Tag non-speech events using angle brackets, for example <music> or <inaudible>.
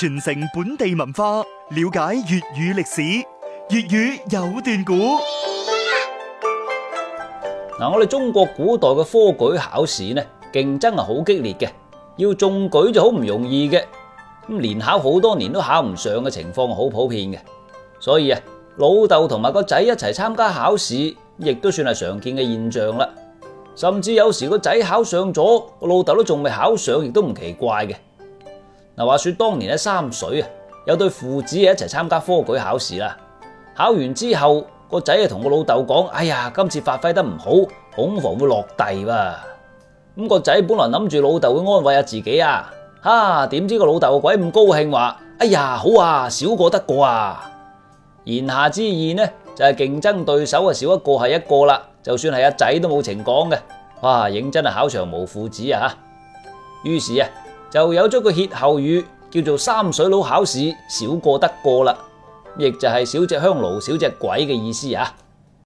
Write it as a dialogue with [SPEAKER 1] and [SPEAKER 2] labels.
[SPEAKER 1] 傳承本地文化，了解粵語歷史，粵
[SPEAKER 2] 語有段古。嗱、 <laughs> 啊，我哋中國古代嘅科舉考試呢，競爭係好激烈嘅，要中舉就好唔容易嘅。咁連考好多年都考唔上嘅情況好普遍嘅，所以啊，老豆同埋個仔一齊參加考試，亦都算係常見嘅現象啦。甚至有時個仔考上咗，個老豆都仲未考上，亦都唔奇怪嘅。嗱，話說當年喺三水啊，有對父子一齊參加科舉考試啦。考完之後，個仔啊同個老豆講：，哎呀，今次發揮得唔好，恐防會落第噃。咁個仔本來諗住老豆會安慰下自己啊，哈、啊，點知個老豆個鬼咁高興話：，哎呀，好啊，少個得個啊。言下之意呢，就係、是、競爭對手啊少一個係一個啦，就算係阿仔都冇情講嘅。哇、啊，認真係，考場無父子啊吓。於是啊。就有咗個歇後語，叫做三水佬考試，少個得個啦，亦就係少隻香爐
[SPEAKER 3] 少隻鬼嘅意思啊。